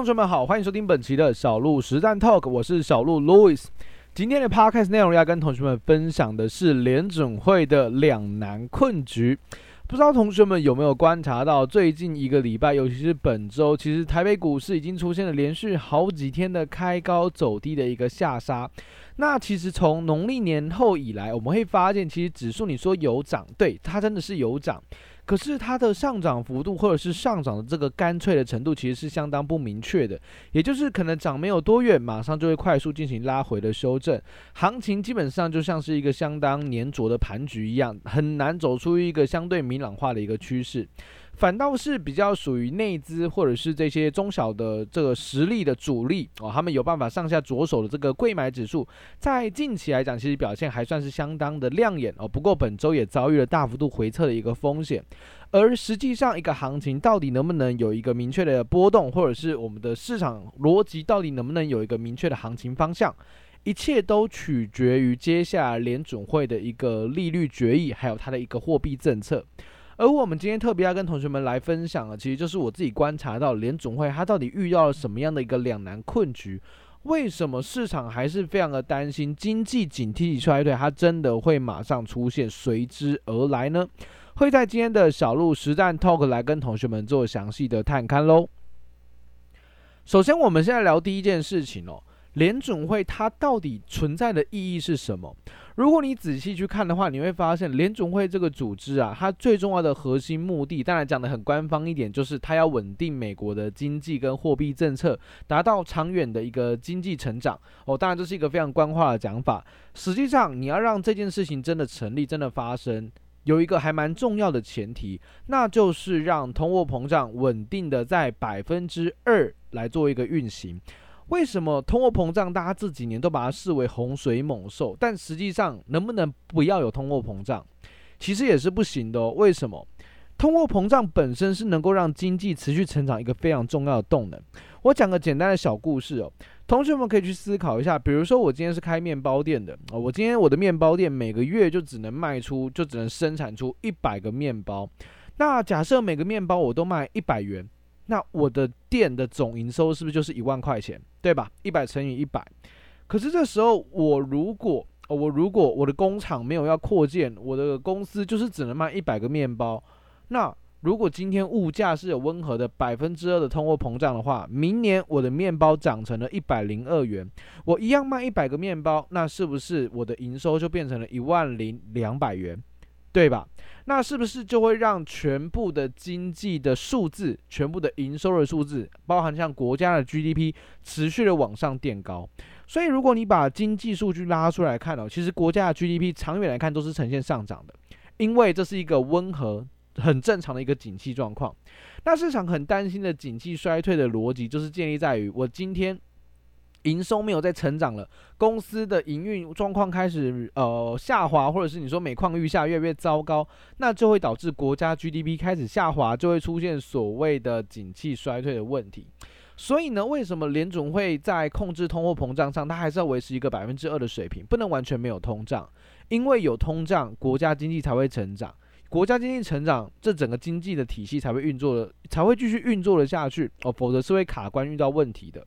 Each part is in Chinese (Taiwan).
同學們好，歡迎收聽本期的小鹿實戰 Talk，我是小鹿 Louis。今天的 Podcast 內容要跟同學們分享的是聯準會的兩難困局。不知道同學們有沒有觀察到，最近一個禮拜，尤其是本周，其實台北股市已經出現了連續好幾天的開高走低的一個下殺。那其實從農曆年後以來，我們會發現，其實指數你說有漲，對，它真的是有漲。可是它的上漲幅度，或者是上漲的這個乾脆的程度，其實是相當不明確的。也就是可能漲沒有多遠，馬上就會快速進行拉回的修正，行情基本上就像是一個相當粘着的盤局一樣，很難走出一個相對明朗化的一個趨勢。反倒是比較屬於內資或者是這些中小的這個實力的主力哦，他們有辦法上下着手的這個櫃買指數，在近期來講，其實表現還算是相當的亮眼哦。不過本周也遭遇了大幅度回撤的一個風險。而實際上，一個行情到底能不能有一個明確的波動，或者是我們的市場邏輯到底能不能有一個明確的行情方向，一切都取決於接下來聯準會的一個利率決議，還有它的一個貨幣政策。而我們今天特別要跟同學們來分享的，其實就是我自己觀察到聯準會它到底遇到了什麼樣的一個兩難困局？為什麼市場還是非常的擔心經濟景氣衰退，它真的會馬上出現隨之而來呢？會在今天的小路實戰 talk 來跟同學們做詳細的探勘嘍。首先，我們現在聊第一件事情哦，聯準會它到底存在的意義是什麼？如果你仔細去看的話，你會發現聯準會這個組織啊，它最重要的核心目的，當然講得很官方一點，就是它要穩定美國的經濟跟貨幣政策，達到長遠的一個經濟成長。哦，當然這是一個非常官話的講法。實際上，你要讓這件事情真的成立、真的發生，有一個還蠻重要的前提，那就是讓通貨膨脹穩定的在百分之二來做一個運行。為什麼通貨膨脹，大家這幾年都把它視為洪水猛獸，但實際上能不能不要有通貨膨脹，其實也是不行的哦。為什麼？通貨膨脹本身是能夠讓經濟持續成長一個非常重要的動能。我講個簡單的小故事哦，同學們可以去思考一下。比如說，我今天是開麵包店的啊，我今天我的麵包店每個月就只能賣出，就只能生產出一百個麵包。那假設每個麵包我都賣一百元。那我的店的總營收是不是就是一萬塊錢，對吧？一百乘以一百。可是這時候，我如果我如果我的工廠沒有要擴建，我的公司就是只能賣一百個麵包。那如果今天物價是有溫和的百分之二的通貨膨脹的話，明年我的麵包漲成了一百零二元，我一樣賣一百個麵包，那是不是我的營收就變成了一萬零兩百元？對吧？那是不是就會讓全部的經濟的數字，全部的營收的數字，包含像國家的 GDP 持續的往上墊高？所以如果你把經濟數據拉出來看哦，其實國家的 GDP 長遠來看都是呈現上漲的，因為這是一個溫和、很正常的一個景氣狀況。那市場很擔心的景氣衰退的邏輯，就是建立在於我今天，營收沒有再成長了，公司的營運狀況開始呃下滑，或者是你說每況愈下，越來越糟糕，那就會導致國家 GDP 開始下滑，就會出現所謂的景氣衰退的問題。所以呢，為什麼聯準會在控制通貨膨脹上，它還是要維持一個百分之二的水平，不能完全沒有通脹，因為有通脹，國家經濟才會成長，國家經濟成長，這整個經濟的體系才會運作的，才會繼續運作的下去哦、呃，否則是會卡關遇到問題的。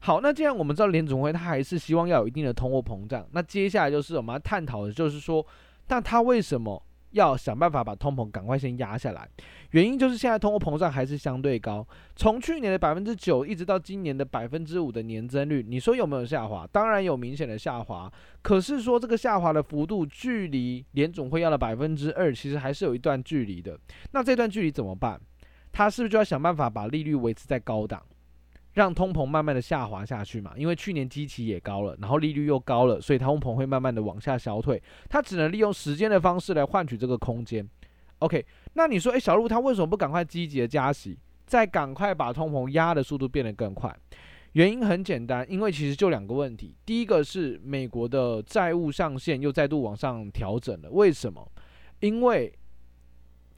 好，那既然我們知道聯準會他還是希望要有一定的通貨膨脹，那接下來就是我們要探討的，就是說，那他為什麼要想辦法把通膨趕快先壓下來？原因就是現在通貨膨脹還是相對高，從去年的百分之九一直到今年的百分之五的年增率，你說有沒有下滑？當然有明顯的下滑，可是說這個下滑的幅度距離聯準會要的百分之二其實還是有一段距離的。那這段距離怎麼辦？他是不是就要想辦法把利率維持在高檔？讓通膨慢慢的下滑下去嘛，因為去年基期也高了，然後利率又高了，所以通膨會慢慢的往下消退。它只能利用時間的方式來換取這個空間。OK，那你說，哎，小鹿他為什麼不趕快積極的加息，再趕快把通膨壓的速度變得更快？原因很簡單，因為其實就兩個問題，第一個是美國的債務上限又再度往上調整了，為什麼？因為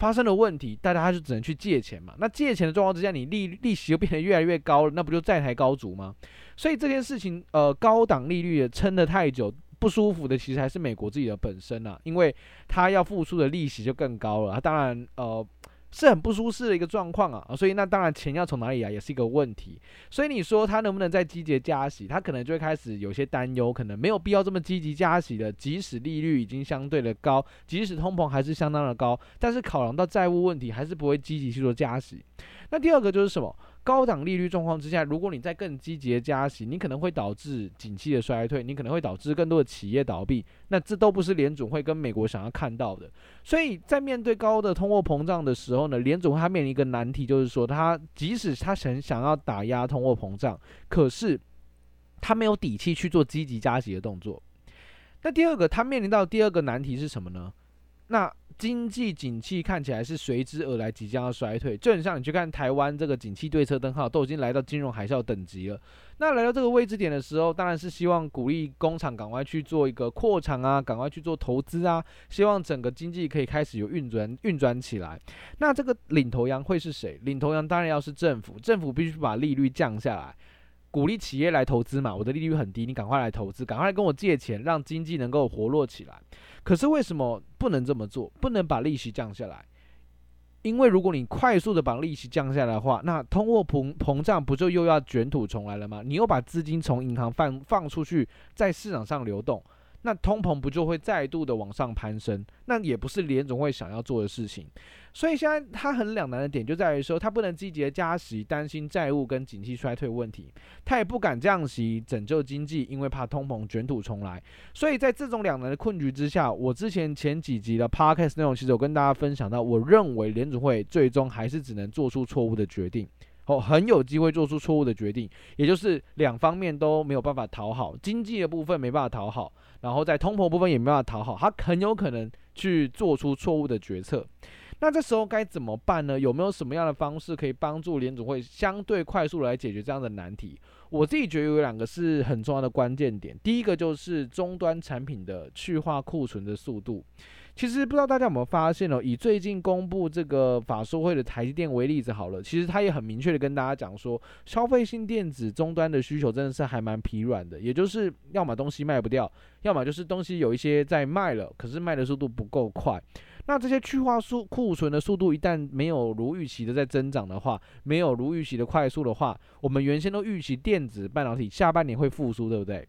發生了問題，大家就只能去借錢嘛。那借錢的狀況之下，你利利息就變得越來越高了，那不就債台高築嗎？所以這件事情，呃，高檔利率撐得太久，不舒服的，其實還是美國自己的本身啊，因為他要付出的利息就更高了。他當然，呃。是很不舒適的一個狀況啊，啊，所以那當然錢要從哪裡來，啊，也是一個問題。所以你說他能不能再積極加息，他可能就會開始有些擔憂，可能沒有必要這麼積極加息的。即使利率已經相對的高，即使通膨還是相當的高，但是考量到債務問題，還是不會積極去做加息。那第二個就是什麼？高檔利率狀況之下，如果你再更積極加息，你可能會導致景氣的衰退，你可能會導致更多的企業倒閉，那這都不是聯準會跟美國想要看到的。所以在面對高的通貨膨脹的時候呢，聯準會面臨一個難題，就是說他即使他想想要打壓通貨膨脹，可是他沒有底氣去做積極加息的動作。那第二個，他面臨到第二個難題是什麼呢？那經濟景氣看起來是隨之而來，即將要衰退。就很像你去看台灣這個景氣對策燈號，都已經來到金融海嘯等級了。那來到這個位置點的時候，當然是希望鼓勵工廠趕快去做一個擴產啊，趕快去做投資啊，希望整個經濟可以開始有運轉運轉起來。那這個領頭羊會是誰？領頭羊當然要是政府，政府必須把利率降下來。鼓勵企業來投資嘛，我的利率很低，你趕快來投資，趕快來跟我借錢，讓經濟能夠活絡起來。可是為什麼不能這麼做？不能把利息降下來？因為如果你快速的把利息降下來的話，那通貨膨膨脹不就又要捲土重來了嗎？你又把資金從銀行放放出去，在市場上流動。那通膨不就會再度的往上攀升？那也不是聯準會想要做的事情。所以現在他很兩難的點就在於說，他不能積極的加息，擔心債務跟景氣衰退問題；他也不敢降息拯救經濟，因為怕通膨捲土重來。所以在這種兩難的困局之下，我之前前幾集的 podcast 內容其實有跟大家分享到，我認為聯準會最終還是只能做出錯誤的決定。哦，很有機會做出錯誤的決定，也就是兩方面都沒有辦法討好，經濟的部分沒辦法討好，然後在通膨部分也沒辦法討好，他很有可能去做出錯誤的決策。那這時候該怎麼辦呢？有沒有什麼樣的方式可以幫助聯準會相對快速來解決這樣的難題？我自己覺得有兩個是很重要的關鍵點，第一個就是終端產品的去化庫存的速度。其實不知道大家有沒有發現哦，以最近公布這個法說會的台積電為例子好了，其實他也很明確的跟大家講說，消費性電子終端的需求真的是還蠻疲軟的，也就是要麼東西賣不掉，要麼就是東西有一些在賣了，可是賣的速度不夠快。那這些去化速庫存的速度一旦沒有如預期的在增長的話，沒有如預期的快速的話，我們原先都預期電子半導體下半年會復甦，對不對？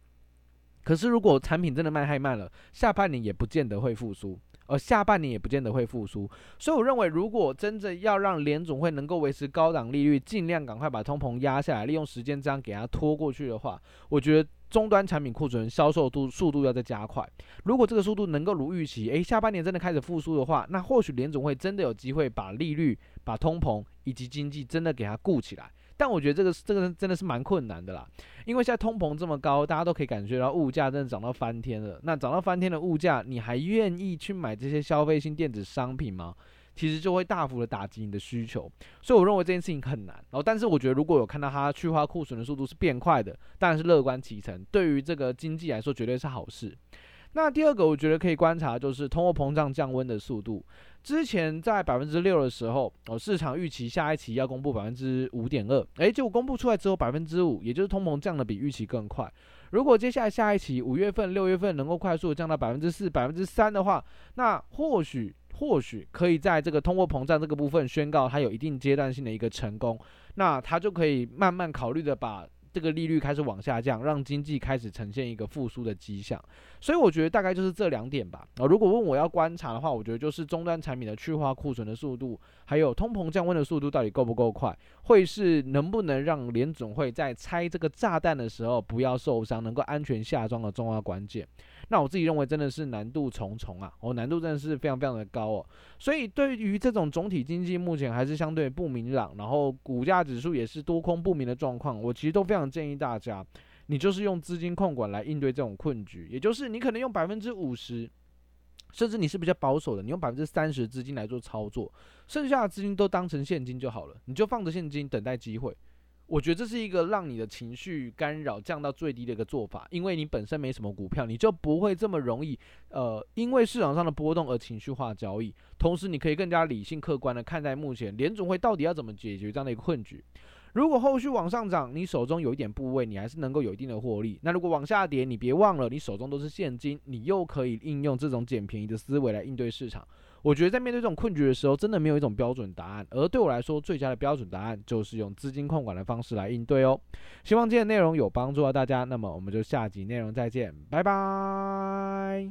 可是如果產品真的賣太慢了，下半年也不見得會復甦。而下半年也不見得會復甦，所以我認為，如果真正要讓聯準會能夠維持高檔利率，盡量趕快把通膨壓下來，利用時間這樣給它拖過去的話，我覺得終端產品庫存銷售度速度要再加快。如果這個速度能夠如預期，誒，下半年真的開始復甦的話，那或許聯準會真的有機會把利率、把通膨以及經濟真的給它顧起來。但我覺得這個這個真的是蠻困難的啦，因為現在通膨這麼高，大家都可以感覺到物價真的漲到翻天了。那漲到翻天的物價，你還願意去買這些消費性電子商品嗎？其實就會大幅的打擊你的需求。所以我認為這件事情很難。然後，哦，但是我覺得如果有看到它去化庫存的速度是變快的，當然是樂觀其成。對於這個經濟來說，絕對是好事。那第二個，我覺得可以觀察，就是通貨膨脹降溫的速度。之前在百分之六的時候，哦，市場預期下一期要公布百分之五點二，誒，結果公布出來之後百分之五，也就是通膨降得比預期更快。如果接下來下一期五月份、六月份能夠快速降到百分之四、百分之三的話，那或許或許可以在這個通貨膨脹這個部分宣告它有一定階段性的一個成功，那它就可以慢慢考慮的把。這個利率開始往下降，讓經濟開始呈現一個復甦的跡象，所以我覺得大概就是這兩點吧。啊、哦，如果問我要觀察的話，我覺得就是終端產品的去化庫存的速度，還有通膨降溫的速度到底夠不夠快，會是能不能讓聯準會在拆這個炸彈的時候不要受傷，能夠安全下莊的重要關鍵。那我自己認為真的是難度重重啊，哦，我難度真的是非常非常的高哦。所以對於這種總體經濟目前還是相對不明朗，然後股價指數也是多空不明的狀況，我其實都非常建議大家，你就是用資金控管來應對這種困局，也就是你可能用百分之五十，甚至你是比較保守的，你用百分之三十資金來做操作，剩下的資金都當成現金就好了，你就放着現金等待機會。我覺得這是一個讓你的情緒干擾降到最低的一個做法，因為你本身沒什麼股票，你就不會這麼容易，呃，因為市場上的波動而情緒化交易。同時，你可以更加理性客觀的看待目前聯準會到底要怎麼解決這樣的一個困局。如果後續往上漲，你手中有一點部位，你還是能夠有一定的獲利。那如果往下跌，你別忘了你手中都是現金，你又可以應用這種撿便宜的思維來應對市場。我覺得在面對這種困局的時候，真的沒有一種標準答案。而對我來說，最佳的標準答案就是用資金控管的方式來應對哦。希望今天的內容有幫助到大家，那麼我們就下集內容再見，拜拜。